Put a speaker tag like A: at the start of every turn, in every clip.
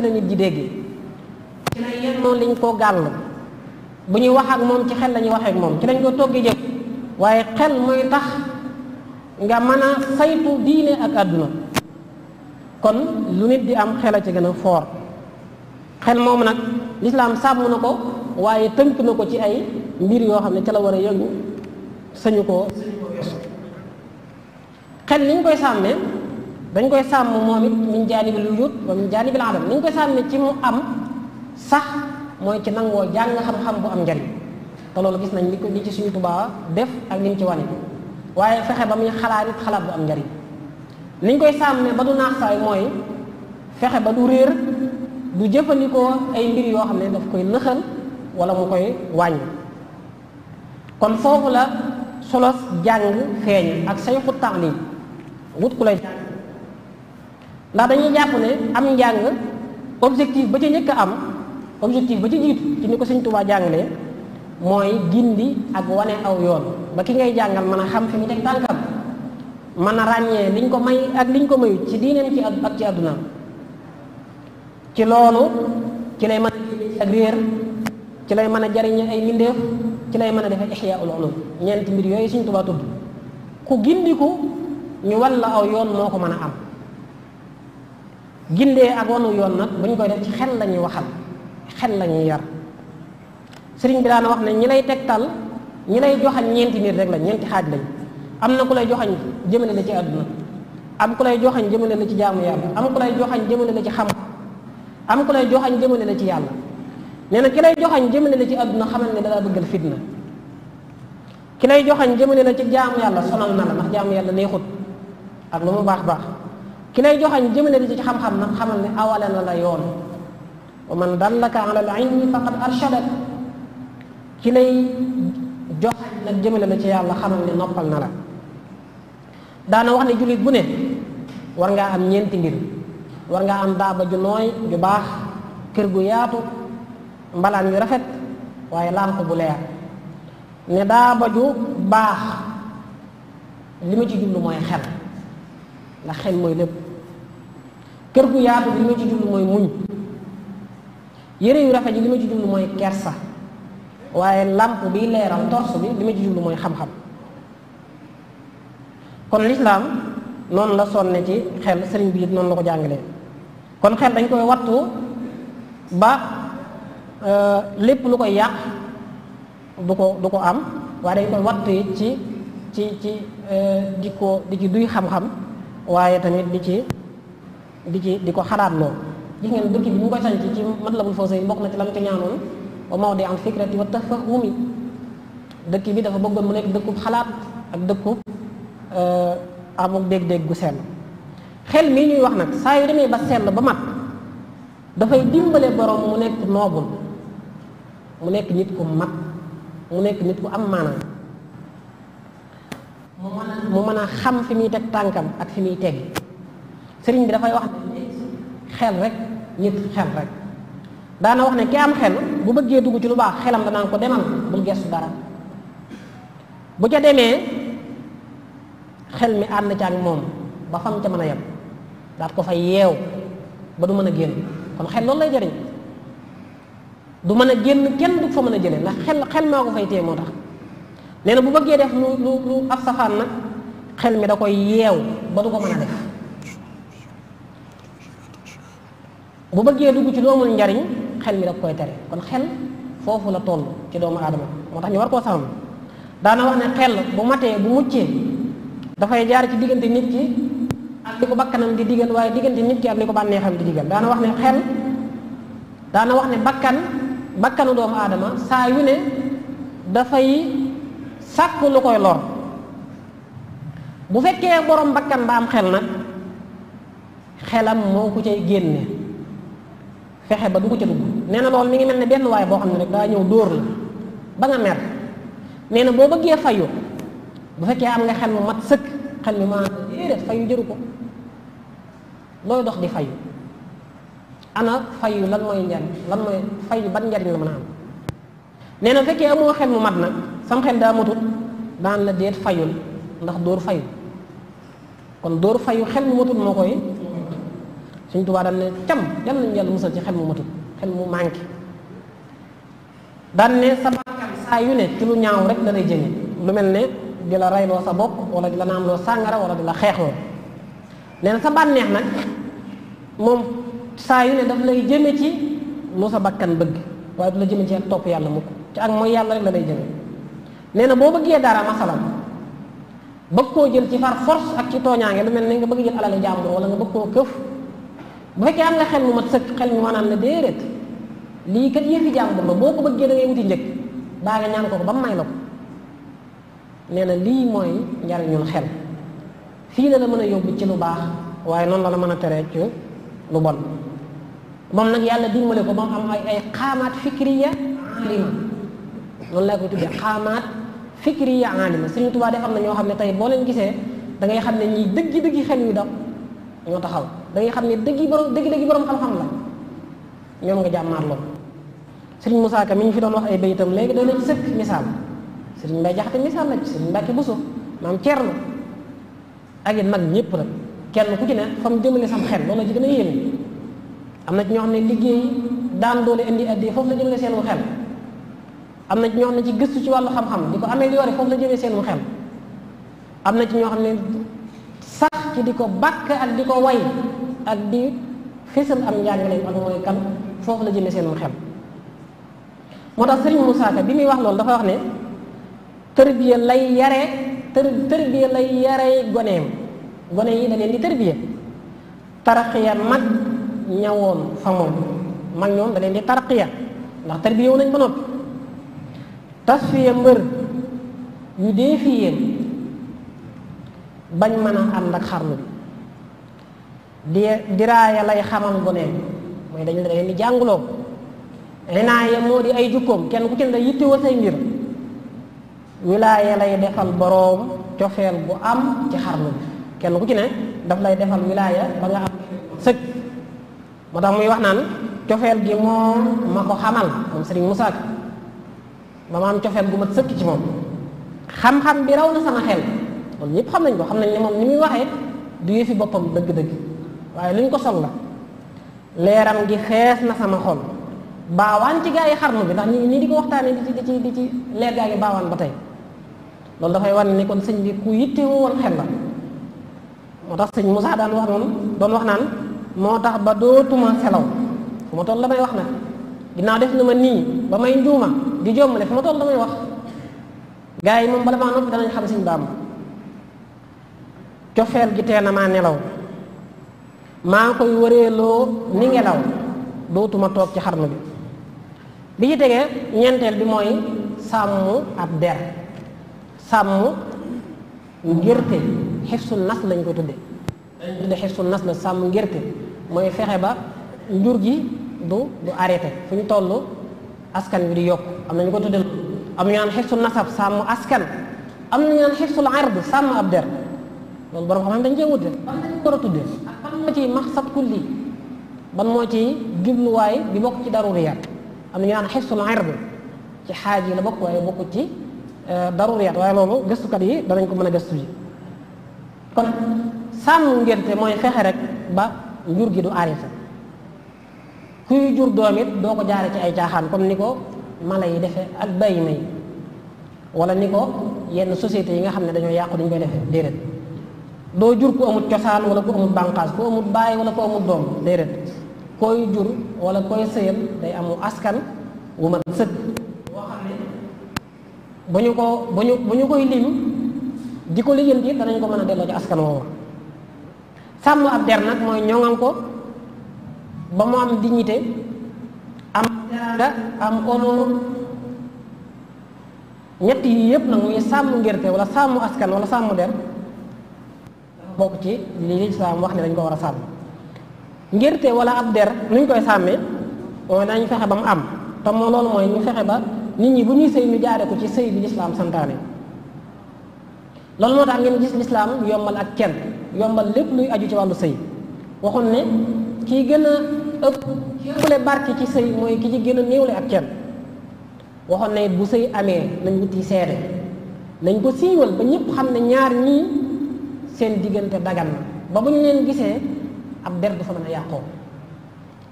A: ci la nit ji déggee ci la yennoo liñ ko gàll bu ñuy wax ak moom ci xel la ñuy waxee ak moom ci lañ ko toggee jëf waaye xel mooy tax nga mën a saytu diine ak àdduna kon lu nit di am xel a ci gën a foor xel moom nag lislaam sàmm na ko waaye tënk na ko ci ay mbir yoo xam ne ci la war a yëngu sañu ko xel liñ koy sàmmee dañ koy sàmm moom it min jaanibil wujud wa min jaanibil adam ni ñu koy sàmmee ci mu am sax mooy ci nangoo jàng xam-xam bu am njariñ te loolu gis nañ li ko li ci suñu Tuubaa def ak li mu ci wane waaye fexe ba muy xalaat it am njariñ ni ñu koy sàmmee ba du naax mooy fexe ba du réer du jëfandikoo ay mbir yoo xam ne daf koy nëxal wala mu koy wàññi kon foofu la solos jàng feeñ ak sayxu taalim wut ku lay ndax dañuy jàpp ne am njàng objectif ba ci njëkk a am objectif ba ci jiitu ci ni ko sëñ Tuubaa jàngalee mooy gindi ak wane aw yoon ba ki ngay jàngal mën a xam fi mu teg tànkam mën a ràññee liñ ko may ak liñ ko mayu ci diineem ci ak ci àddunaam ci loolu ci lay mën a ak réer ci lay mën a jariñe ay mbindéef ci lay mën a defe ixyaa ul ulum ñeenti mbir yooyu sëñ Tuubaa tudd ku gindiku ñu wan la aw yoon moo ko mën a am gindee ak wanu yoon nag buñ koy def ci xel lañuy waxal xel lañuy yar sëriñ bi daana wax ne ñi lay tegtal ñi lay joxañ ñeenti nit rek la ñeenti xaaj lañ am na ku lay joxañ jëmale la ci àdduna am ku lay joxañ jëmale la ci jaamu yàlla am ku lay joxañ jëmale la ci xam am ku lay joxañ jëmale la ci yàlla nee na ki lay joxañ jëmale la ci àdduna xamal ne dalaa bëggal fitna ki lay joxañ jëmale la ci jaamu yàlla sonal na la ndax jaamu yàlla neexut ak lu mu baax baax ki lay joxañ jëmale na ci xam-xam nag xamal ne awalan na la yoon wa man dallaka ala al ilmi faqad arshadak ki lay joxañ nag jëmale la ci yàlla xamal ne noppal na la daana wax ne jullit bu ne war ngaa am ñeenti mbir war ngaa am daaba ju nooy ju baax kër gu yaatu mbalaan yu rafet waaye ko bu leer ne daaba ju baax li ma ci jublu mooy xel ndax xel mooy lépp kër gu yaatu li ma ci jublu mooy muñ yére yu rafet yi li ma ci jublu mooy kersa waaye làmp bi leeral torse bi li ma ci jublu mooy xam-xam kon lislaam noonu la sonne ci xel sëriñ bi it noonu la ko jàngalee kon xel dañ koy wattu ba euh, lépp lu koy yàq du ko du ko am waaye dañ koy wattu it ci ci ci di euh, ko di ci duy xam-xam waaye tamit li ci di ci di ko xalaat loo gis ngeen dëkk bi ñu ngi koy sanc ci Matlabul Fawzayni bokk na ci lam ci ñaanoon wa mawdi an fikrati wa tafahumi dëkk bi dafa bëggoon mu nekk dëkkub xalaat ak dëkkub euh, amuk dégg-dégg gu sell xel mii ñuy wax nag saa yu demee ba sell ba mat dafay dimbale borom mu nekk noobul mu nekk nit ku mat mu nekk nit ku am maanaa mu mën a xam fi muy teg tànkam ak fi muy teg sëriñ bi dafay wax xel rek nit xel rek daana wax ne ki am xel bu bëggee dugg ci lu baax xelam danaan ko demal bul gestu dara bu ca demee xel mi ànd ca ak moom ba fam ca mën a yem daat ko fa yeew ba du mën a génn kon xel loolu lay jariñ du mën a génn kenn du fa mën a jële ndax xel xel maa ko fay téye moo tax nee bu bëggee def lu lu lu ab safaan nag xel mi da koy yeew ba du ko mën a def bu bëggee dugg ci lu amul njariñ xel mi da koy tere kon xel foofu la toll ci doomu aadama moo tax ñu war koo sàmm daana wax ne xel bu matee bu muccee dafay jaar ci diggante nit ki ak li ko bakkanam di digal waaye diggante nit ki ak li ko bànneexam di digal daana wax ne xel daana wax ne bakkan bakkanu doomu aadama saa yu ne dafay sàkk lu koy lor bu fekkee borom bakkan ba am xel nag xelam moo ko cay génne fexe ba du ko ca dugg nee na loolu mi ngi mel ne benn waay boo xam ne rek daa ñëw dóor la ba nga mer nee na boo bëggee fayu bu fekkee am nga xel mu mat sëkk xel mi maa déedéet fayu jëru ko looy dox di fayu ana fayu lan mooy njariñ lan ban njariñ la nee na fekkee amoo xel mu mat na sam xel daa moto daan la déet fayul ndax dóor fayu kon dóor fayu xel mu matut moo koy suñ tubaa daan ne cam yal nañu yàlla musal ci xel mu matut xel mu manqué daan ne sa bakkan saa yu ne ci lu ñaaw rek la lay jëme lu mel ne di la rayloo sa bopp wala di la loo sàngara wala di la xeexloo nee na moom saa yu ne daf lay jëme ci lu sa bakkan bëgg waaye du la jëme ci ak topp yàlla mukk ci ak mooy yàlla rek la lay jëme nee na boo bëggee dara masalan bëgg koo jël ci far force ak ci tooñaange lu mel ne nga bëgg jël alal jàmbur wala nga bëgg koo këf bu fekkee am nga xel mu mat sëkk xel mi wanaan la déedéet lii kat yëfi jàmbur la boo ko bëggee da ngay wuti njëkk baa nga ñaan ko ko ba mu may la ko nee na lii mooy njariñul xel fii la la mën a yóbbu ci lu baax waaye noonu la la mën a teree ci lu bon moom nag yàlla dimbale ko ba ay xaamaat fikriya alima noonu laa koy tuddee xaamaat fikriya alima Sëriñ Tuubaa def am na ñoo xam ne tey boo leen gisee da ngay xam ne ñii dëggi dëggi xel yu daw ñoo taxaw da xam ne dëgg yi borom dëgg dëgg yi borom xam-xam la ñoom nga jàmmaar lool Serigne Moussa Ka mi ñu fi doon wax ay béytam léegi doy na ci sëkk misaal Serigne Mbaye Jaxate misaal na ci Serigne Mbacke Bousso maam Thierno ak it mag ñëpp rek kenn ku ci ne fa jëmale sam xel loolu la ci gën a yéeme am na ci ñoo xam ne liggéey daan doole indi addi foofu la jëmale seen xel am na ci ñoo xam ne gëstu ci wàllu xam di ko amélioré foofu la jëmee seenu xel am na ci ñoo xam ne ci di ko bàkk ak di ko way ak di fésal am njàngaleem ak mooy kan foofu la seen seenum xel moo tax Serigne Moussa Ka bi muy wax loolu dafa wax ne tërbiya lay yare tër tërbiya lay yare goneem gone yi da leen di tërbiya taraqiya mag ñawoon fa moom mag ñoom da leen di taraqiya ndax tërbiya wu nañ ba noppi tasfiya mbër yu dee fi yéen bañ mën a ànd ak xarnu bi di diraaya lay xamal gone mooy dañ leen di jàngloo rinaaya moo di ay jukkoom kenn ku ci ne yitti wa say mbir wilaaya lay defal boroom cofeel bu am ci xarnu bi kenn ku ci ne daf lay defal wilaaya ba nga am sëg moo tax muy wax naan cofeel gi moom ma ko xamal moom Serigne Moussa Ka ba ma am cofeel gu mat sëkk ci moom xam-xam bi raw na sama xel loolu ñëpp xam nañ ko xam nañ ne moom ni muy waxee du yëfi boppam dëgg-dëgg waaye luñ ko sol la leeram gi xees na sama xol baawaan ci gaa yi xar xarnu bi ndax ñi ñi di ko waxtaanee di ci di ci di ci leer gaa ngi baawaan ba tey loolu dafay wan ni kon sëñ bi ku yitte woon xel la moo tax sëñ mu Moussa daan wax noonu doon wax naan moo tax ba dootuma selaw fu ma toll damay wax nag ginnaaw def na ma nii ba may njuuma di jommale fu ma toll damay wax gars yi moom bala maa noppi danañ xam sëñ Bàmba cofeel gi tee na maa nelaw maa koy wëreeloo ni ngelaw dootuma toog ci xarnu bi bi ci tegee ñeenteel bi mooy sàmm ab der sàmm ngirte xifsul nas lañ ko tudde dañ nas la sàmm ngirte mooy fexe ba njur gi du du arrêté fu ñu toll askan wi di yokk am nañu ko tudde am ñu naan xifsul nasab sàmm askan am nañu naan xifsul ard sàmm ab der loolu borom xam ne dañ cee wute ban lañ ko war a tuddee ak ban moo ci ban moo ci jubluwaay bi ci daruriyaat am na ñu naan xesul ard ci xaaj yi la bokk waaye bokk ci euh, daruriyaat waaye loolu gestukat yi danañ ko mën a gëstu ji kon sàmm ngénte mooy fexe rek ba njur gi du aarifa kuy jur doom it doo ko jaare ci ay caaxaan comme ni ko mala yi defee ak bay may wala ni ko yenn sociétés yi nga xam ne dañoo yàqu dañ koy defee déedéet doo jur ku amul cosaan wala ku amul bànqaas ku amul baay wala ku amul doom déedéet koy jur wala koy sëyal day amu askan wu mat sëkk boo xam ne ko bu ñu bu ñu ko mën a delloo askan woowu sàmm ab der nag mooy ñoŋal ko ba mu am dignité am teraanga am honneur ñett yi yëpp nag muy sàmm ngirte wala sàmm askan wala sàmm der bokk ci li lislaam wax ne dañ ko war a sàmm ngirte wala ab der nuñ koy sàmmee mooy dañu fexe ba mu am te moo loolu mooy ñu fexe ba nit ñi bu ñuy sëy ñu jaare ko ci sëy bi lislaam santaane loolu moo tax ngeen gis lislaam yombal ak kenn yombal lépp luy aju ci wàllu sëy waxoon ne kii gën a ëpp kii ëppale barke ci sëy mooy ki ci gën a néewle ak kenn waxoon ne bu sëy amee nañ wuti seede nañ ko siiwal ba ñëpp xam ne ñaar ñii seen diggante dagan na ba bu ñu leen gisee ab der du fa mën a yàqoo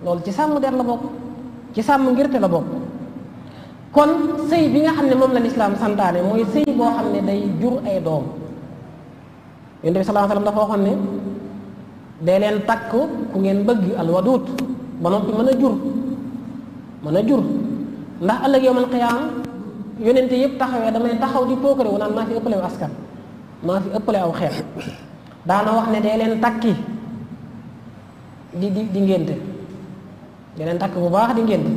A: loolu ci sàmm der la bokk ci sàmm ngirte la bokk kon sëy bi nga xam ne moom la lislaam santaane mooy sëy boo xam ne day jur ay doom yonent bi sallallahu alayhi wasallam dafa waxoon ne dee leen takk ku ngeen bëgg alwaduut ba noppi mën a jur mën a jur ndax ëllëg yawmal qiyaam yonente yëpp taxawee damay taxaw di pookare wu naan maa ci ëppale askan maa fi ëppale aw xeet daana wax ne dee leen takki di di di ngénte dee leen takk bu baax di ngénte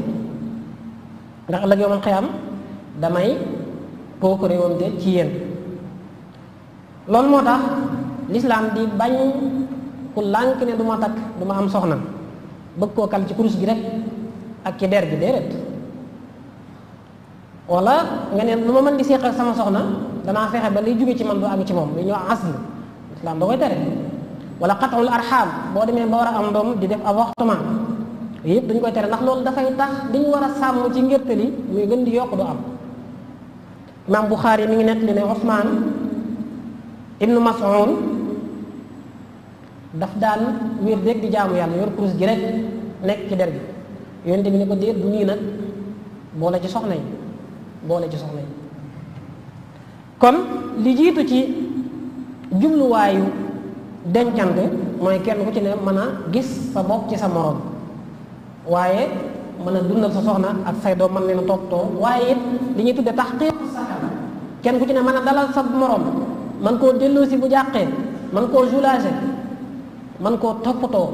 A: ndax la ëllëg yoomal am damay pookure moom de ci yéen loolu moo tax lislaam di bañ ku lànk ne du ma takk du ma am soxna bëgg koo kal ci kurus gi rek ak ci der gi déedéet wala nga ne lu ma mën di séq ak sama soxna danaa fexe ba liy jóge ci man du àgg ci moom li ñoo asl islam da koy tere wala qatul arxaam boo demee ba war a am doom di def avortement yëpp dañ koy tere ndax loolu dafay tax diñu war a sàmm ci ngértali muy gën di yokk du am imam Buxaari mi ngi nett li ne Usmaan ibnu Mas'ud daf daan wiir rek di jaamu yàlla yor kurus gi rek nekk ci der gi yonent bi ne ko déet bu ñuy boole ci soxna yi boole ci soxna yi kon li jiitu ci jubluwaayu dencante mooy kenn ku ci ne mën a gis sa bopp ci sa moroom waaye mën a dundal sa soxna ak say doom mën leen a toppatoo waaye it li ñuy tudde tax xiir kenn ku ci ne mën a dalal sa moroom man koo delloo si bu jàqee man koo soulager man koo toppatoo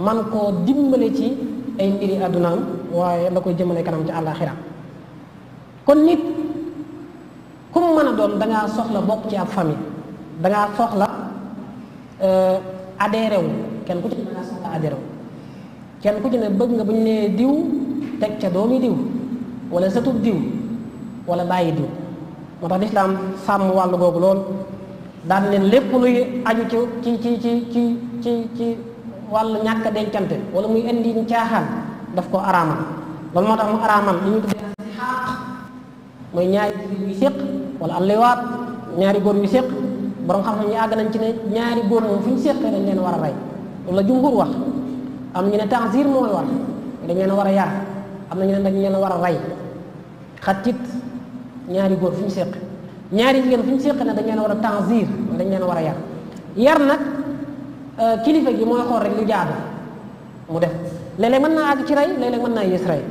A: man koo dimbale ci ay mbiri àddunaam waaye la koy jëmale kanam ci àllaaxira kon nit ku mu a doon danga soxla bokk ci ab famille eh, dangaa soxla adhéré wu kenn ku ci ne ku ci bëgg nga bu ñu nee diw teg ca doomi diw wala satub diw wala bàyyi diw moo tax lislaam sàmm wàll googu lool daan leen lépp luy aju ci ci ci ci ci ci wàllu ñàkk a dencante wala muy indi caaxal daf ko araamal loolu moo tax mu araamal li ñu tuddee mooy ñaari yu séq wala alliwaat ñaari góor yu séq borom xam-xam ñu àgg nañ ci ne ñaari góor moom fu ñu séqee dañ leen war a rey loolu la jumhur wax am ñu ne tanzir mooy war dañ leen war a yar am na ñu ne dañ leen war a rey xatit ñaari goor fu ñu ñaari jigéen fu ñu séq ne dañ leen war a tanzir dañ leen war a yar yar nag euh, kilifa gi mooy xool rek lu jaadu mu def léeg-léeg mën naa àgg ci rey léeg-léeg mën naa yées rey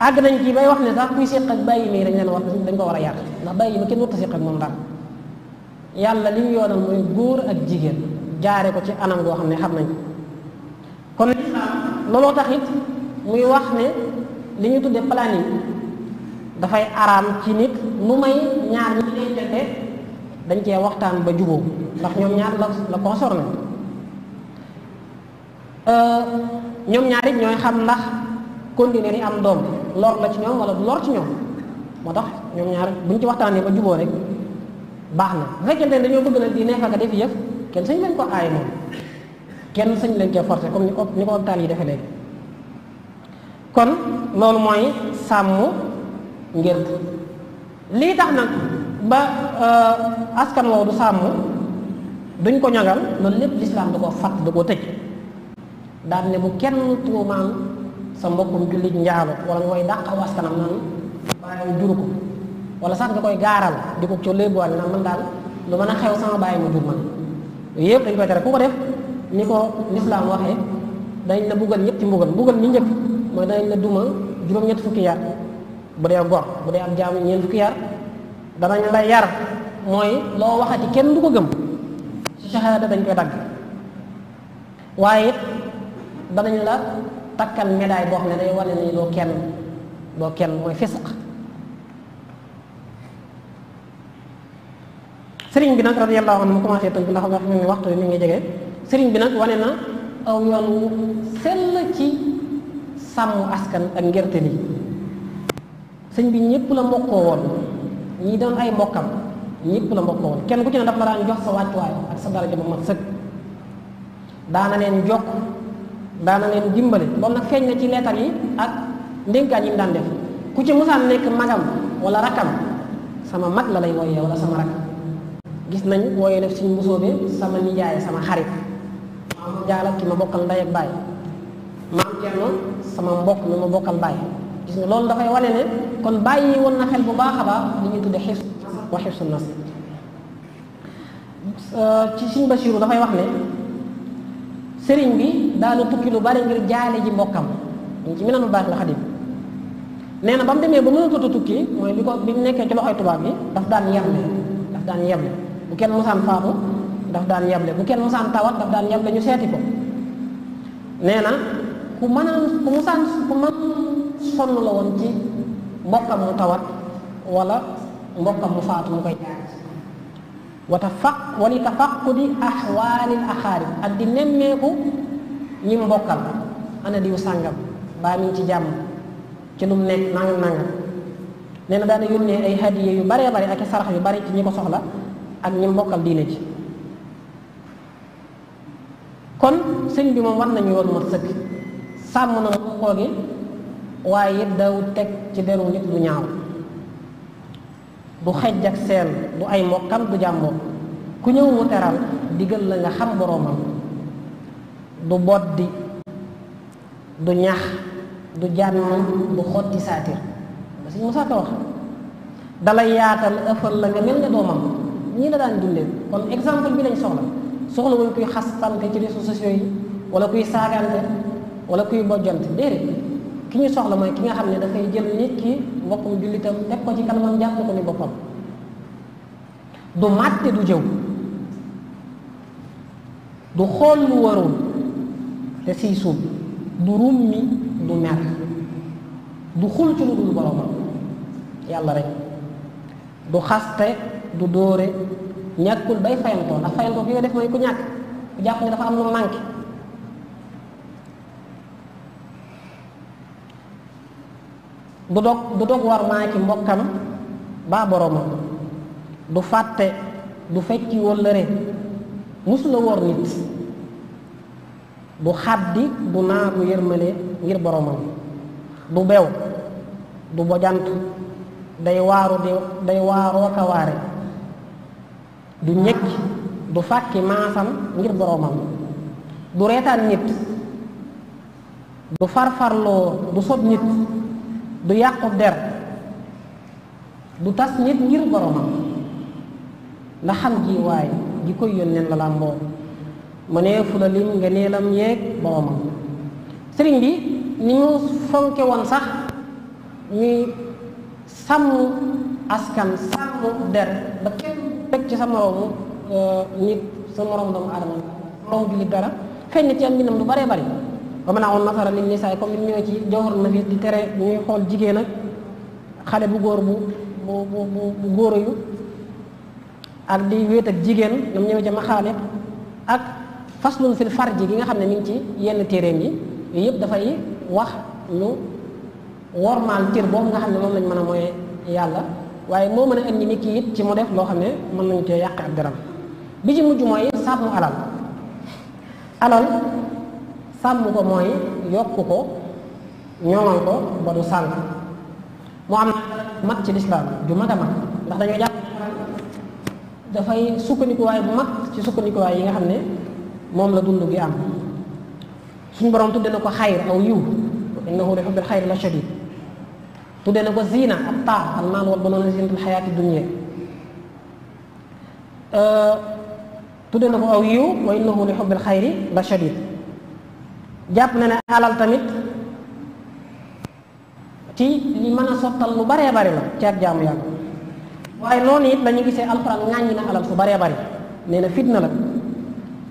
A: àgg nañ ci bay wax ne sax kuy séq ak bàyyi mi dañ leen war dañ ko war a yar ndax bàyyi ma kenn warta séq ak moom dara yàlla li ñu yoonal mooy góor ak jigéen jaare ko ci anam goo xam ne xam nañ ko kon looloo tax muy wax ne li ñu tudde planning dafay araam ci nit nu may ñaar ñi dencante dañ ba juboo ndax ñoom ñaar la la concerné euh, ñoom ñaar it xam ndax continuer yi am doom lor la ci ñoom wala du lor ci ñoom moo tax ñoom ñaar buñ ci waxtaanee ba juboo rek baax na bu fekkente ne dañoo bëgg nag di neex ak def yëf kenn sañ leen ko ay moom kenn sañ leen cee forcé comme ni ko ni ko hôpital yi defee léegi kon loolu mooy sàmm ngir lii tax na ba euh, askan woo du sàmm duñ ko ñagal loolu lépp lislaam da koo fàtt da koo tëj daan ne bu kenn tuumaan sa mbokkum jullit njaalo wala nga koy dàqal waskanam naan bàyyi juru ko wala sax nga koy gaaral di ko ca léebuwaale naan daal lu mën a xew sama bàyyi yëpp dañ koy tere ku ko def ni ko lislaam waxee dañ la buggal ñëpp ci mbugal mbugal mooy dañ la duma juróom-ñett fukki bu dee gor bu dee am jaamu ñeent fukki yar yar mooy loo waxati kenn du ko gëm su dañ koy dagg waaye danañ la takkal médaille boo xam ne day wane ni doo kenn doo kenn mooy fisq sëriñ bi nag radiyallahu anhu mu commencé tënk ndax nga xam ne waxtu mu ngi jege sëriñ bi nag wane na aw yoon wu sell ci sàmm askan ak ngerte li sëñ bi ñëpp la mbokkoo woon ñi doon ay mbokkam ñëpp la mbokkoo woon kenn ku ci ne daf la daan jox sa wàccuwaay ak sa daraja bu mat sëkk daana leen jokk daana leen dimbale loolu nag feeñ na ci leetar yi ak ndénkaan yi mu daan def ku ci musaan nekk magam wala rakkam sama mag la lay wooyee wala sama rakk gis nañ wooyee def suñ mbusóobe sama nijaay sama xarit maam jaala ki ma bokkal ndey ak baay maam Cerno sama mbokk mi ma bokkal baay gis nga loolu dafay wane ne kon bàyyi woon na xel bu baax a baax li ñuy tudde xifs wa xifsu nas ci suñ Basiiru dafay wax ne sëriñ bi daana tukki lu bari ngir jaale ji mbokkam ñu ci minanu baax la xadim nee na ba mu demee ba mënatut a tukki mooy bi ko bi mu nekkee ci loxoy tubaab yi daf daan yeble daf daan yeble bu kenn musaan faatu daf daan yeble bu kenn musaan tawat daf daan yeble ñu seeti ko nee na ku mën a ku musaan ku mën sonn la woon ci mbokkam mu tawat wala mbokkam mu faatu mu koy wa tafaq wali tafaqudi di axaarib ak di nemmeeku ñi mbokkal ana diw sàngam baa mi ci jàmm ci lu mu nekk nangam nangam nee na daana yónnee ay hadiye yu baree bari ak i sarax yu bari ci ñi ko soxla ak ñi mbokkal diine ci kon sëñ bi moom war nañu woon mat sëkk sàmm na ko koo gi waaye it daw teg ci deru nit lu ñaaw du xej ak seen du ay mokkal du jàmboo ku ñëw mu teral digal la nga xam boroomam du boddi du ñax du jànn du xotti saatir ba si Musaa a wax dalay yaatal ëffal la nga mel ne doomam ñii la daan dundee kon exemple bi lañ soxla soxla wuñ kuy xastante ci réseaux sociaux yi wala kuy saagante wala kuy bojjante déedéet ki ñu soxla mooy ki nga xam ne dafay jël nit ki mbokkum jullitam teg ko ci kanamam jàpp ko ni boppam du màtte du jëw du xool lu warul te siy suub du rummi du mer du xul ci lu dul boromam yàlla rek du xaste du dóore ñàkkul bay fayantoo ndax fayantoo ki nga def mooy ku ñàkk ku jàpp ne dafa am lu manqué du dog du dog war maa ci mbokkam baa boromam du fàtte du fekki wëllëre musula wor nit du xaddi du naagu yërmale ngir boromam du bew du bojant day waaru di day waaroo ka du ñëkki du fàkki maasam ngir boromam du reetaan nit du farfarloo du sob nit du yàqu der du tas nit ngir boromam la xam ji waaye ji koy yónneen la làmboo mu ne fu la nga neelam yeeg boromam sëriñ bi ni mu fonke woon sax ñuy sàmm askan sàmm der ba kenn teg ci sa moromu euh, nit sa moromu doomu aadama bi jullit dara feeñ na ci am mbindam lu baree bari ba mën a on nasara nit ñi saay comme ni mu ñëwee ci jawharun nafiis di tere ñuy xool jigéen ak xale bu góor bu bu bu bu góor yu ak di wéet ak jigéen ñoom ñëwee ci maxaaliq ak faslun fil ji gi nga xam ne mi ngi ci yenn téeréem yi yooyu yëpp dafay wax lu wormaal tiir boobu nga xam ne moom lañ mën a mooy yàlla waaye moo mën a indi nit ki ci mu def loo xam ne mën nañu cee yàq ak daram bi ci mujj mooy sàmm alal alal sàmm ko mooy yokk ko ñoŋal ko ba du sànq mu am mat ci lislaam ju mat a mat ndax dañoo jàpp dafay sukkandikuwaay bu mat ci sukkandikuwaay yi nga xam ne moom la dund gi am suñu borom tudde na ko xayr aw yiw innahu li xubbil xayr la shadid tudde na ko ziina ak taax al maal wal banoona ziinatul xayaati dunya tudde na ko aw yiw wa innahu li xubbil xayri la shadid jàpp na ne alal tamit ci li mën a sottal lu baree bari la ci ak jaamu yàlla waaye noonu it lañu gisee alxuraan ŋàññi na alal fu baree bari nee na fitna la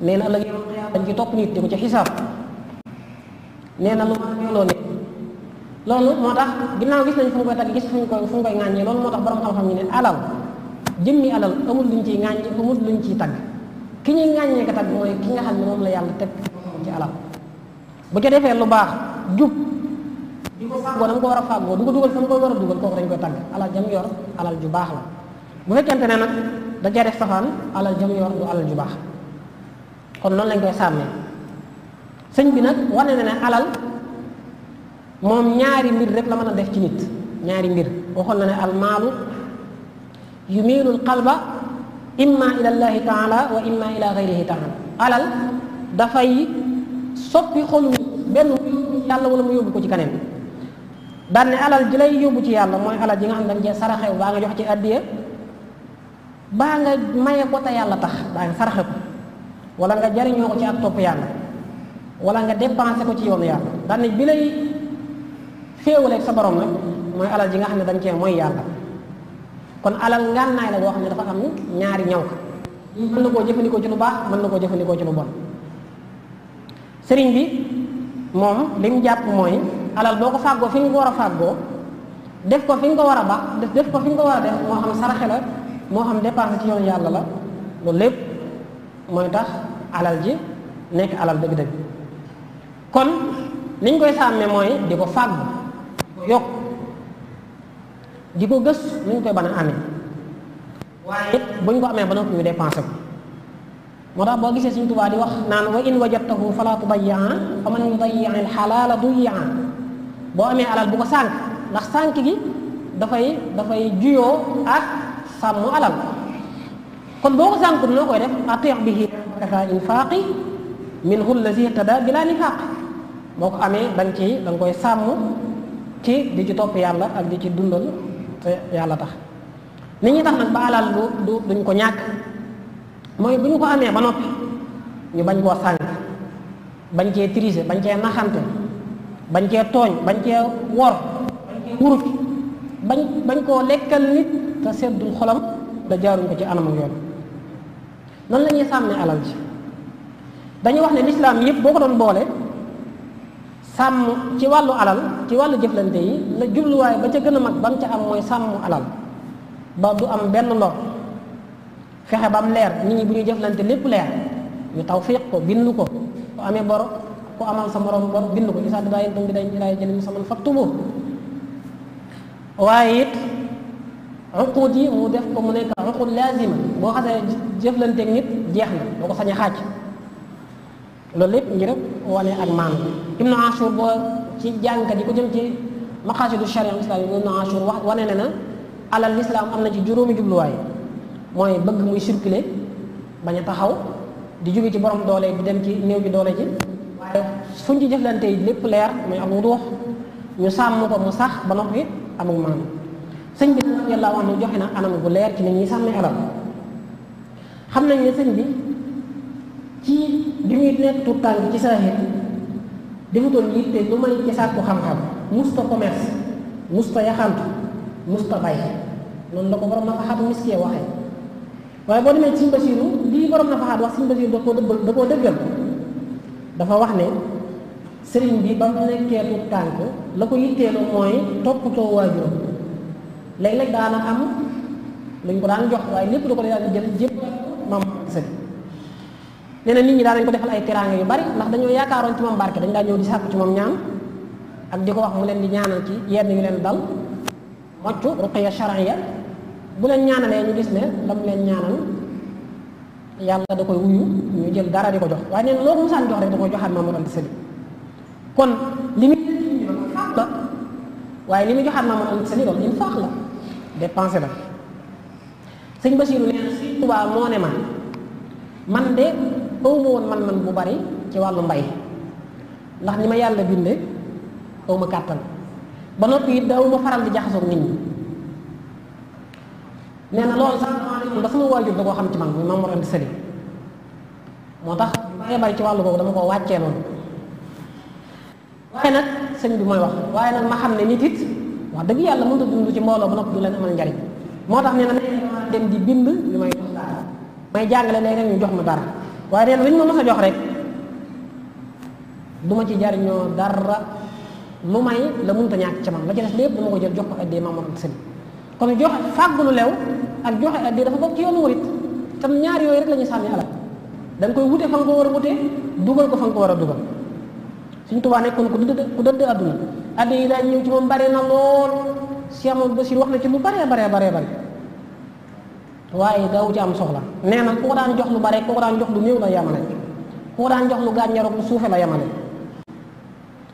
A: nee na ëllëg yow dañ ci topp nit di ko ci xisaab nee na lu ma loolu loolu moo tax ginnaaw gis nañ fu ñu koy tagg gis fu ñu koy fu ñu koy ŋàññee loolu moo tax borom xam-xam ñu ciy ŋàññi amul luñ ciy tagg ki ñuy ŋàññee ka tagg mooy ki nga xam ne moom la yàlla teg bu ca defee lu baax jub di ko fàggoo na ko war a fàggoo du ko dugal fa mu ko war a dugal kooku dañ koy tàgg alal jam yor alal ju baax la bu fekkente ne nag da cee def safaan alal jam yor du alal ju baax kon noonu lañ koy sàmmee sëñ bi nag wane ne alal moom ñaari mbir rek la mën a def ci nit ñaari mbir waxoon na ne almaalu yumiilul qalba imma ila llaahi taala wa imma ila gayrihi taala alal dafay soppi xolu benn yàlla wala mu yóbbu ko ci kaneen daan ne alal ji lay yóbbu ci yàlla mooy alal ji nga xam ne dañ cee saraxew baa nga jox ci addiya baa nga maye ko te yàlla tax baa nga wala nga jariñoo ko ci topp yàlla wala nga dépensé ko ci yoonu yàlla daan bi lay féewaleeg sa borom nag mooy alal xam ne dañ cee mooy yàlla kon alal ngànnaay la boo xam ne dafa am ñaari ñaw ko mën na koo jëfandikoo ci lu baax mën na koo jëfandikoo ci lu bon sëriñ bi moom li mu jàpp mooy alal boo ko fàggoo fi nga ko war a fàggoo def ko fi nga ko war a baax def ko fi nga ko war a def moo xam saraxe la moo xam dépense ci yoon yàlla la loolu lépp mooy tax alal ji nekk alal dëgg-dëgg kon liñ koy sàmmee mooy di ko fàgg yokk di ko gës nuñ koy ban a amee waaye buñ ko amee ba noppi ñu dépensé ko moo tax boo gisee Sëriñ Tuubaa di wax naan wa in wajadtahu fala tudayya fa man yudayya al xalaala duyya boo amee alal bu ko sànq ndax sànq gi dafay dafay juyoo ak sàmm alal kon boo ko sànqut noo koy def atiq bihi kafa infaaqi minhu allazi tada bila nifaaq boo ko amee da ci da koy sàmm ci di ci topp yàlla ak di ci dundal te yàlla tax nit ñi tax nag ba alal du duñ ko ñàkk mooy bu ñu ko amee ba noppi ñu bañ koo sànq bañ cee tirise bañ cee naxante bañ kee tooñ bañ cee wor wurut bañ bañ koo lekkal nit te seddul xolam da jaaruñ ko ci anam yoon noonu la ñuy sàmmee alal ji dañu wax ne lislaam yépp boo ko doon boole sàmm ci wàllu alal ci wàllu jëflante yi la jubluwaay ba ca gën a mag ba mu am mooy sàmm alal ba du am benn lor fexe ba mu leer nit ñi bu ñuy jëflante lépp leer ñu tawfiq ko bind ko ku amee bor ku amal sa morom bor bind ko isa daa yéntam bi dañ ilaa jënmi saman faktubu waaye it uqud yi mu def ko mu nekk uqud lazima boo xasee jëflanteeg nit jeex na boo ko sañ a loolu lépp ngir wane ak maanu ibnu ashur boo ci jàngkat yi ko jëm ci maqasidu sharia islam yi ibnu ashur wax wane ne na alal islam am na ci juróomi jubluwaay mooy bëgg muy circuler bañ a taxaw di jóge ci borom doole bi dem ci néew ji doole ji waaye fuñ ci jëflante lépp leer muy amul ruux ñu sàmm ko mu sax ba noppi amul maam sëñ bi radiyallahu anhu joxe na anam bu leer ci ni ñuy sàmmi alal xam nañ sëñ bi ci bi muy nekk tuut tànk ci saaxir defutoon yitte lu may ci sàkku xam-xam musta commerce musta yaxantu musta bay noonu la ko borom na fa xatu miskee waxee waaye boo demee ci Sëñ Basiiru lii borom na faxaat wax Sëñ Basiiru da koo dëbbal da koo dëggal dafa wax ne sëriñ bi ba mu nekkee tuut tànk la ko yitteelu mooy toppatoo waajuram léeg-léeg daana am luñ ko daan jox waaye lépp da ko daal di jël jëpp maam sëriñ nee na nit ñi daanañ ko defal ay teraanga yu bari ndax dañoo yaakaaroon ci moom barke dañ daa ñëw di sàkku ci moom ñaan ak di ko wax mu leen di ñaanal ci yenn yu leen dal mocc ruqiya charia bu leen ñaanalee ñu gis ne lam leen ñaanal yàlla da koy wuyu ñu jël dara di ko jox waaye loo loolu musaan jox rek da koy joxaat Maam Mor Anta Sali kon li muy faax la waaye la dépensé la sëñ Basiru neen si Tuubaa moo ne ma man de awma woon man-man bu bari ci wàllu mbay ndax ni ma yàlla binde awma kàttan ba noppi it da awma faral di jaxasoog nit ñi nee loolu sax damaa ne moom ba sama waajur da koo xam ci man muy Maam Mor Anta moo tax bari bari ci wàllu boobu dama koo wàccee noonu waaye nag sëñ bi mooy wax waaye nag ma xam ne nit it wax dëgg yàlla mënut a dund ci mbooloo ba noppi du leen amal njariñ moo tax nee na dem di bind ñu may may jàngale léeg-léeg ñu jox ma dara waaye nee na lu ñu ma mës a jox rek du ma ci jariñoo dara lu may la mënut a ñàkk ci man la ci def lépp dama ko jël jox ko addee Maam Mor kon jox fàggu lu lew ak joxe addi dafa bokk ci yoonu murit tam ñaar yooyu rek la ñuy sànni alal da koy wute fa nga ko war a wute dugal ko fa nga ko war a dugal suñ tubaa nekkoon ku dëdd ku dëdd adduna addi yi daañ ñëw ci moom bare na lool Cheikh wax na ci lu baree baree baree bare waaye daawu ci am soxla nee na ku ko daan jox lu bare ku jox lu néew la yamale ku daan jox lu gàññaroog suufe la yamale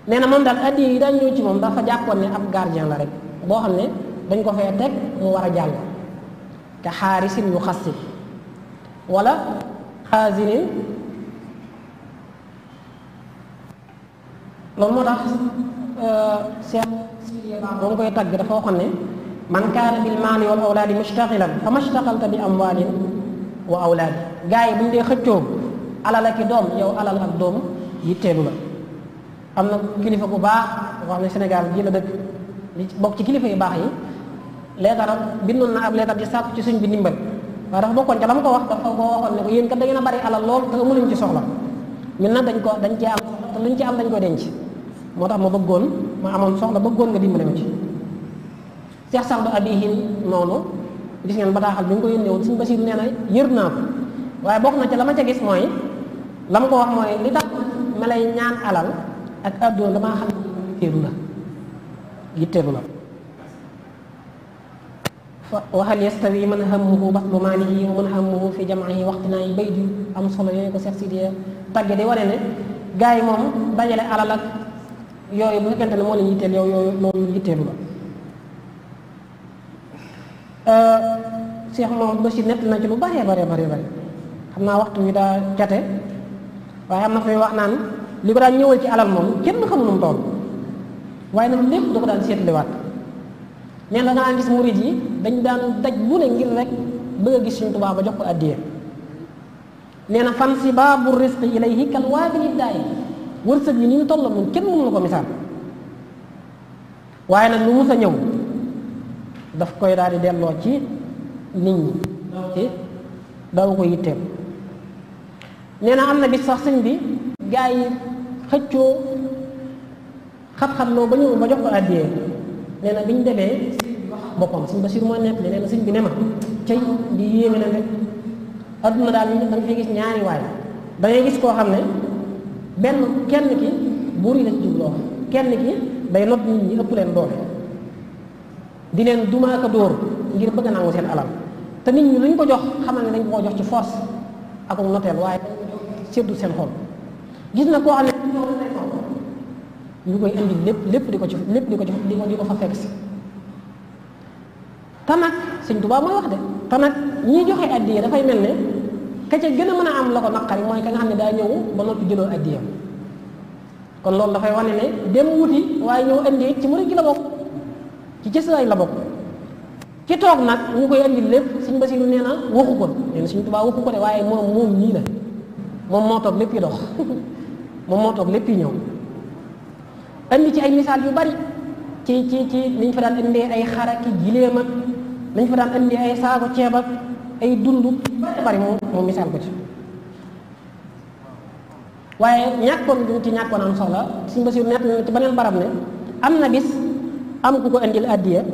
A: nee na moom daal addi yi daañ ñëw ci moom dafa jàppoon ne ab gardien la rek boo xam ne dañ ko fee teg mu war a jàng te xaarisin yu xassin wala xaasinin loolu moo tax euh, seet ba mu koy tagg dafa waxoon ne man kaana bil maali wal awlaadi mushtaxilan fa mashtaxalta bi amwaalin wa awlaadi gars yi bu ñu dee xëccoo alal ak doom yow alal doom yitteelu la am na kilifa bu baax boo xam ne Sénégal gii la dëkk li ci kilifa yu baax yi leetaram bindoon na ab leetar di sàkku ci suñ bi ndimbal waaye dafa bokkoon ca la mu ko wax ko waxoon ne ko yéen kat da ngeen a bari alal lool te amuluñ ci soxla ñun nag dañ ko dañ cee am ci am dañ ko denc moo tax ma bëggoon ma amoon soxla bëggoon nga dimbale ma ci Cheikh Saadu Abihin noonu gis ngeen bataaxal bi nga ko yónnee woon suñu Basiiru nee na yër naa ko waaye bokk na ca la ma ca gis mooy la mu ko wax mooy li tax ma lay ñaan alal ak àdduna damaa xam ne yitteelu la yitteelu la wa hal yastawi man hammuhu batlu maalihi wa man hammuhu fi jam'ihi waqtinaa yi bay ju am solo yooyu ko Seex Sidiya tàgge di wane ne gars yi moom dajale alal ak yooyu bu fekkente ne moo leen yitteel yow yooyu loolu yitteelu la Seex euh, moom Bachir nett na ci lu bare bare bare bare xam naa waxtu yi daa cate waaye am na fay wax naan li ko daan ñëwal ci alal moom kenn xamul nu mu toll waaye nag lépp da ko daan seetliwaat nee na dangaa gis murid yi dañ daan daj bu ne ngir rek bëgg a gis suñ Tuubaa ba jox ko addiya nee na fan si baabu risqi ilayhi kal waabili daay wërsëg yi ni ñu toll moom kenn mënu la ko misaal waaye nag lu a ñëw daf koy daal di ci nit ñi ci daw na am na bis sax sëñ bi gaa yi xëccoo xat-xat loo ba ñëw ba jox ko àddiyee nee na demee boppam sëñ Basiir mooy nekk li nee na bi ne ma cay li yéeme na rek adduna daal ñu da nga fay gis ñaari waay da ngay gis koo xam ne benn kenn ki buur yi lañ jubloo kenn ki bay not nit ñi ëpp leen doole di leen dumaaka dóor ngir bëgg a nangu seen alal te nit ñi luñ ko jox xamal ne dañ koo jox ci force ak noteel waaye seddu seen xol gis na koo xam ne ñu koy indi lépp lépp di ko ci lépp di ko ci di ko fa fekk si te nag sëñ Tuubaa mooy wax de te nag joxe addiya dafay mel ne ka gën a mën am la ko mooy ka xam ne daa ñëw ba noppi jëloo addiyam kon loolu dafay wane ne dem wuti waaye ñëw indi ci murid gi la bokk ci cëslaay la bokk ki toog nag ñu koy indi lépp sëñ Basiru nee na waxu ko nee na sëñ ko de waaye moom moom ñii la moom moo toog lépp yi dox moom moo toog lépp yi ñëw indi ci ay misaal yu bari ci ci ci niñ fa daan indee ay xaraki giléem ak dañ fa daan indi ay saako ceeb ay dund bari bari mu moom misaal ko ci waaye ñàkkoon duñ ci ñàkkoon am soxla suñ Basiru nekk na ci beneen barab ne am na bis am ku ko indil addiya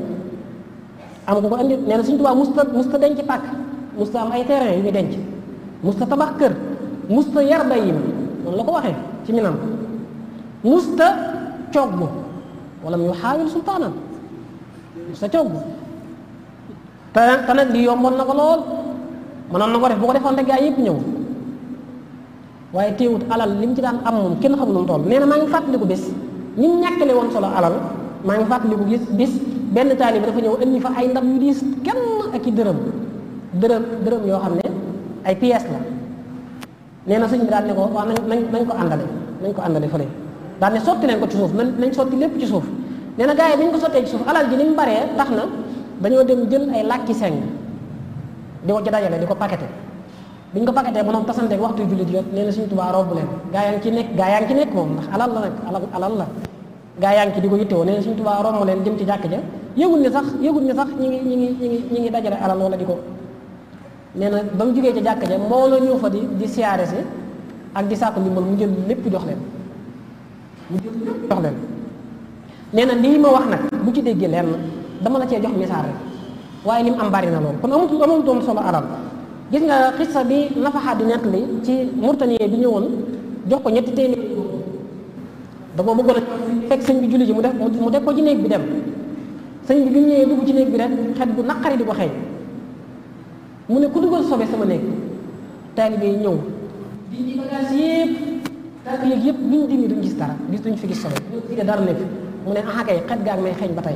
A: am ku ko indi nee na suñ tubaab musta musta denc pàkk musta am ay terrain yu ñu denc musta tabax kër musta yar bay yi noonu la ko waxee ci minam musta coog wala mu xaawil sultaanam musta coog te te nag yomboon na ko lool mënoon na ko def bu ko defoon rek yi yëpp ñëw waaye teewut alal li mu ci daan am moom kenn xamul nu mu toll nee na maa ngi fàttaliku bés ñi mu ñàkkale woon solo alal maa ngi fàttaliku gis bis benn taalibe dafa ñëw indi fa ay ndab yu diis kenn ak i dërëm dërëm dërëm yoo xam ne ay pièces la nee na sëñ bi daan ne ko waaw nañ nañ ko àndale nañ ko àndale fële daan ne sotti leen ko ci suuf nañ sotti lépp ci suuf nee na gaa yi bi ñu ko sottee ci suuf alal tax na. dañoo dem jël ay làkki seng di ko ci dajale di ko paqueté bi ko paqueté ba noonu tasanteeg waxtu julli di jot nee na suñu tubaa robb leen gaa ci nekk gaa yaa ngi ci nekk moom ndax alal la nag alal alal la gaa yaa ngi ci di ko yittewoo nee na suñu tubaa romb leen jëm ci jàkk ja yëgul ni sax yëgul ni sax ñi ngi ñi ngi ñi ngi dajale alal wala di ko nee na ba mu jógee ca jàkk ja moo la ñëw fa di di siyaare si ak di sàkku ndimbal mu jël lépp jox leen mu jël lépp jox leen nee na lii ma wax nag bu ci déggee lenn dama la cee jox misaal rek waaye li mu am bari na loolu kon amut amutoon solo alal gis nga xissa bi nafaxaat di nettali ci murtaniye bi ñëwoon jox ko ñetti téeméer da ko bëggoon a sëñ bi julli ji mu def mu def ci néeg bi dem sëñ bi bi ñëwee dugg ci néeg bi rek xet bu naqari di ko xeeñ mu ne ku dugal sobe sama néeg taalibe yi ñëw di bagage yëpp taalibe yëpp bi duñ gis dara gis duñ fi gis sobe ñu dara nekk mu ne ah xet gaag may xeeñ ba tey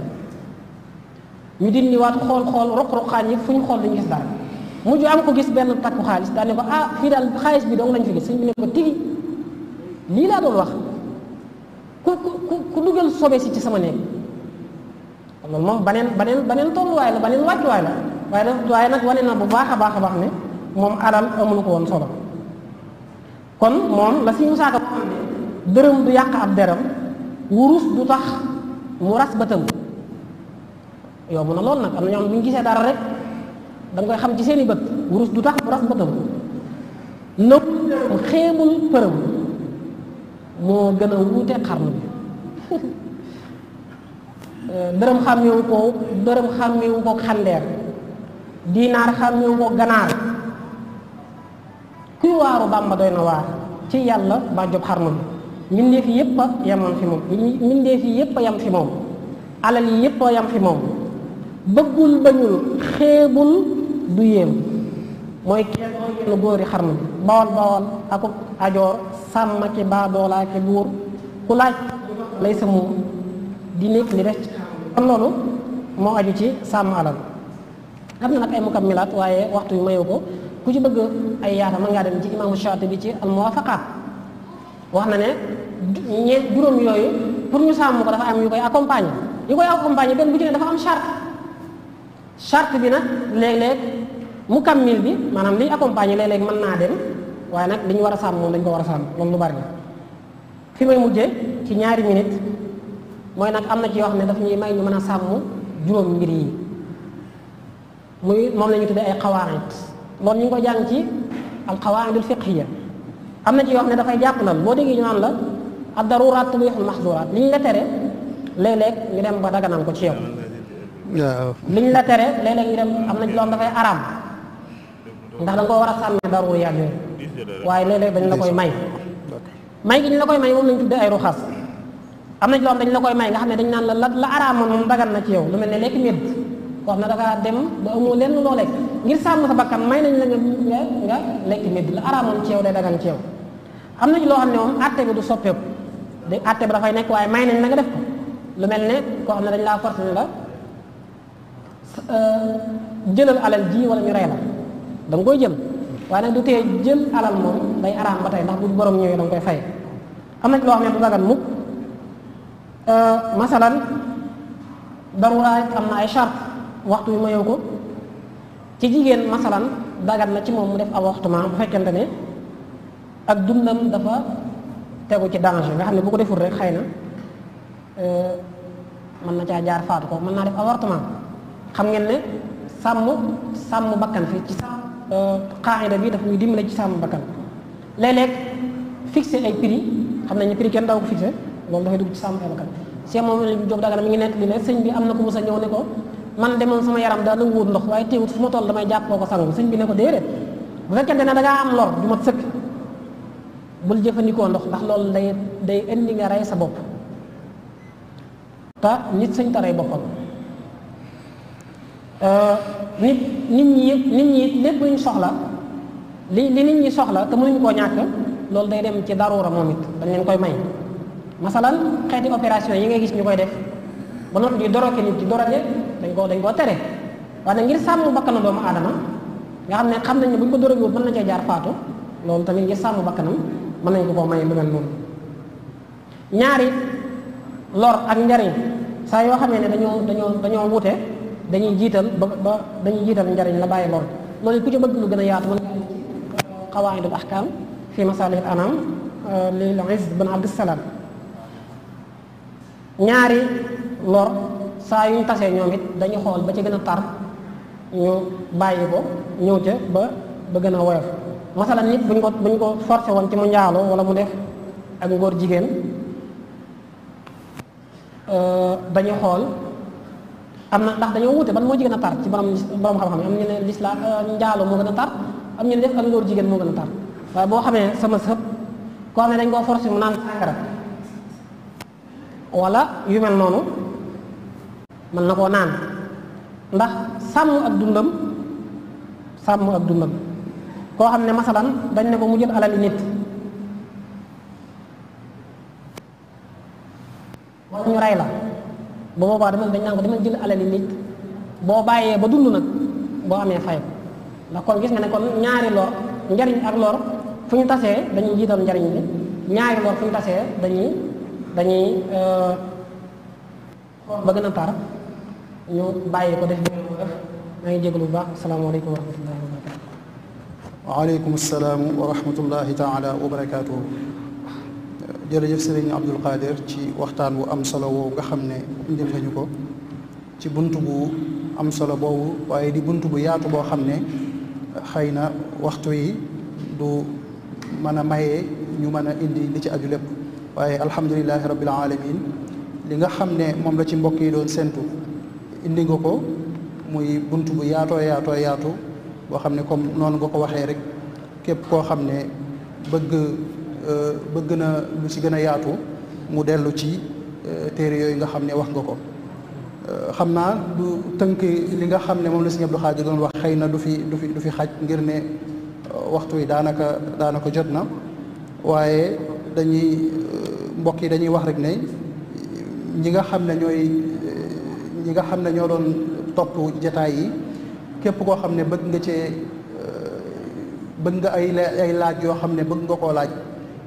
A: ñu dindi waat xool xool roq-roqaan yi fu ñu xool dañu gis dara mujj am ko gis benn takku xaalis daan ne ko ah fii daal xaalis bi dong lañ fi gis sëñ bi ne ko tigi laa doon wax ku ku ku si ci sama néeg loolu moom baneen baneen baneen tolluwaay la baneen wàccuwaay la waaye nag waaye nag wane na bu baax baax baax ne moom alal amul ko woon solo kon moom la si ñu saaka dërëm du yàq ab deram wurus du tax mu ras bëtam yow yomb na lool nag am na ñoo xam bu gisee dara rek da koy xam ci seen i bët wurus du tax bu raf bëtam naw xeebul moo gën a wuute xarnu bi dërëm xàmmewu ko dërëm xàmmewu ko xandeer diinaar xàmmewu ko ganaar kuy waaru bàmba doy na waar ci yàlla ba job xarnu bi mbindeef yi yépp a yamoon fi moom mbindeef yi yépp a yam fi moom alal yi yépp a yam fi moom bëggul bañul xeebul du yéem mooy kenn oo yenn góori xarnu bi bawol bawol akuk ajoor sàmm ki baadoolaa ki buur ku laaj lay sa muur di nekk li def ci kon loolu moo aju ci sàmm alal am na nag ay mukammilaat waaye waxtu yu mayu ko ku ci bëgg ay yaata mën ngaa dem ci imaamu bi ci al-Muwaafaqaat wax na ne ñeent juróom yooyu pour ñu sàmm ko dafa am yu koy accompagner yu koy accompagner benn bu ci ne dafa am charte charte bi nag léeg-léeg mukammil bi maanaam liy accompagner léeg-léeg mën naa dem waaye nag li ñu war a sàmm moom dañu ko war a sàmm loolu lu bari la fi may ci ñaari minute mooy nag am na ci yoo ne daf ñuy may ñu mën a sàmm juróom mbir yi muy moom la tuddee ay xawaanit loolu ñu ko jàng ci al xawaanidul fiqhiya am na ci yoo xam ne dafay jàpp lool boo déggee ñu naan la ad daruraat tubiihul mahzuraat li ñu la tere léeg-léeg ñu dem ba daganal ko ci yow li ñu la tere léeg-léeg itam am na ci loo xam dafay araam ndax da ko war a sàmmi daru yaag yooyu waaye léeg dañ la koy may may gi ñu la koy may moom ay ruxas am na ci dañ la koy may nga xam ne dañ naan la la la araamoon moom na ci yow lu mel ne lekk medd koo xam ne dem ba amoo lenn ngir sàmm sa bakkan may nañ la nga nga nga day dagan ci am na ci loo xam ne moom atte bi du soppeeku de atte bi dafay nekk waaye may nañ la nga def ko lu mel ne koo xam ne dañ laa forcé la Euh, jëlal alal ji wala ñu rey la da koy jël waaye nag du tee jël alal moom day araam ba tey ndax bu boroom ñëwee da nga koy fay am na ci loo xam ne du dagan mukk euh, masalan daruraay am na ay charte waxtu yu mayew ko ci jigéen masalan dagan na ci moom mu def avortement bu fekkente ne ak dundam dafa tegu ci danger nga xam ne bu ko deful rek xëy na euh, mën na caa jaar faatu ko mën naa def avortement xam ngeen ne sàmm sàmm bakkan fii ci sàmm euh, xaaxida bi daf ñuy dimbale ci sàmm bakkan léeg-léeg fixé ay prix xam nañu prix kenn daw ko fixé loolu dafay dugg ci sàmm ay bakkan si moom Jóob Dagana mi ngi nekk li sëñ bi am na ko mos a ñëw ne ko man de moom sama yaram daa nanguwut ndox waaye teewut fu ma toll damay jàppoo ko sangu sëñ bi ne ko déedéet bu fekkente ne da am lor du mat sëkk bul jëfandikoo ndox ndax loolu day day indi nga rey sa bopp te nit sëñ taray boppam Euh, nit nit ñi yëpp nit ñi lépp soxla li li nit ñi soxla te mënuñ koo ñàkk loolu day dem ci daruura moom it dañ leen koy may masalan xeeti opération yi ngay gis ñu koy def ba noppi di doroke nit di doroke dañ koo dañ koo tere waaye nag ngir sàmm bakkanu doomu aadama nga xam ne xam nañ ne bu ñu ko dorogewul mën na cee jaar faatu loolu tamit ngir sàmm bakkanam mën nañ ko koo may lu mel noonu ñaari lor ak njariñ saa yoo xam ne dañoo dañoo dañoo wute dañuy jiital ba ba dañuy jiital njariñ la bàyyi lor loolu ku ci bëgg lu gën a yaatu mën qawaidul ahkam fi masalih al anam euh, lil Izz bin Abdusalaam ñaari lor saa yu tasee ñoom it dañu xool ba ci gën a tar ñu bàyyi ko ñëw ca ba ba gën a woyof masalan nit buñ ko buñ ko forcé woon ci mu njaaloo wala mu def ak ngóor jigéen euh, dañu xool am na ndax dañoo wuute ban moo ci gën a tar ci borom borom xam-xam am ñu ne lislaam euh, njaalo moo gën a tar am ñu ne def ak ngóor jigéen moo gën a tar waaye boo xamee sama sëb koo xam ne dañ koo forcé mu naan sàngara yu mel noonu mën na koo naan ndax sàmm dundam sàmm ak dundam koo xam ne masalan dañ ne ko mu jël alali nit wala ñu rey la bu boobaa dama dañ naan ko dama jël alali nit boo bàyyee ba dund nag boo amee fay ko ndax kon gis nga ne kon ñaari lor njariñ ak lor fu ñu tasee dañuy jiital njariñ bi ñaari lor fu ñu tasee dañuy dañuy euh, ba gën a tar ñu bàyyi ko def maa ngi jégalu bu baax asalaamaaleykum wa rahmatullahi wa barakatuh
B: waaleykum salaam wa rahmatullahi taala wa barakaatuhu jërëjëf sëriñ Abdul Qadir ci waxtaan wu am solo woowu nga xam ne indil nga ko ci bunt bu am solo boobu waaye di bunt bu yaatu boo xam ne xëy na waxtu yi du mën a maye ñu mën a indi li ci aju lépp waaye alhamdulilahi rabbil alamin li nga xam ne moom la ci mbokk yi doon séntu indi nga ko muy bunt bu yaatoo yaatoo yaatu boo xam ne comme noonu nga ko waxee rek képp koo xam ne bëgg Euh, ba gën a lu ci gën a yaatu mu dellu ci euh, téere yooyu nga xam ne wax nga ko euh, xam naa du tënk li nga xam ne moom la sëñ xaaj Khadre doon wax xëy na du fi du fi du fi xaj ngir ne waxtu yi daanaka daanaka jot na waaye dañuy mbokk yi dañuy wax rek ne ñi nga xam ne ñooy ñi nga xam ne ñoo doon topp jataay yi képp koo xam ne bëgg nga cee bëgg nga ay ay laaj yoo xam ne bëgg nga koo laaj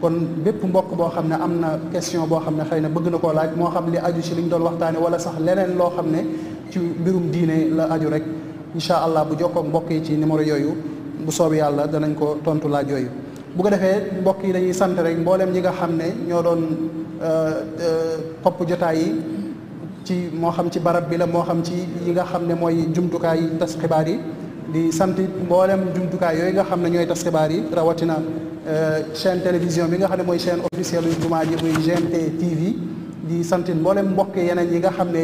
B: kon bépp mbokk boo xam ne am na kestion boo xam ne xëy na bëgg na koo laaj moo xam li aju ci liñ doon waxtaane wala sax leneen loo xam ne ci mbirum diine la aju rek incha allah bu jokkoo mbokk yi ci numéro yooyu bu soobee yàlla danañ ko tontu laaj bu ko defee mbokk yi dañuy sant rek mbooleem ñi nga xam ne ñoo doon euh, euh, topp jotaay ci moo xam ci barab bi la moo xam ci yi nga xam ne mooy jumtukaay tas xibaar yi di sant mboolem jumtukaay yooyu nga xam ne ñooy tas xibaar yi rawatina euh, chaîne télévision bi nga xam ne mooy chaîne officielle yu jumaa ji muy GMT TV di sant mboolem mbokk yeneen yi nga xam ne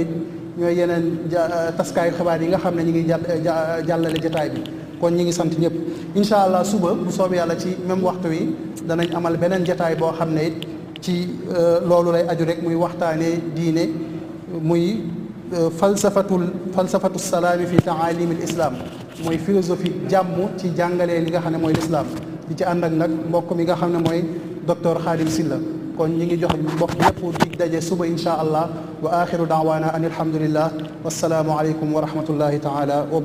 B: ñooy yeneen euh, taskaayu xibaar yi nga xam ne ñu ngi euh, jàllale jataay bi kon ñu ngi sant ñëpp incha allah suba bu soobee yàlla ci même waxtu wi danañ amal beneen jataay boo xam ne it ci loolu lay aju rek muy waxtaanee diine muy falsafatul falsafatu salaami fi taalimil islam mooy philosophie jàmm ci jàngalee li nga xam ne mooy lislaam di ci ànd ak nag mbokk mi nga xam ne mooy docteur Khadim Silla kon ñi ngi jox mbokk yëpp di daje suba insha allah wa axiru daawaana an alhamdulillah wassalaamu aleykum wa rahmatullahi taala wa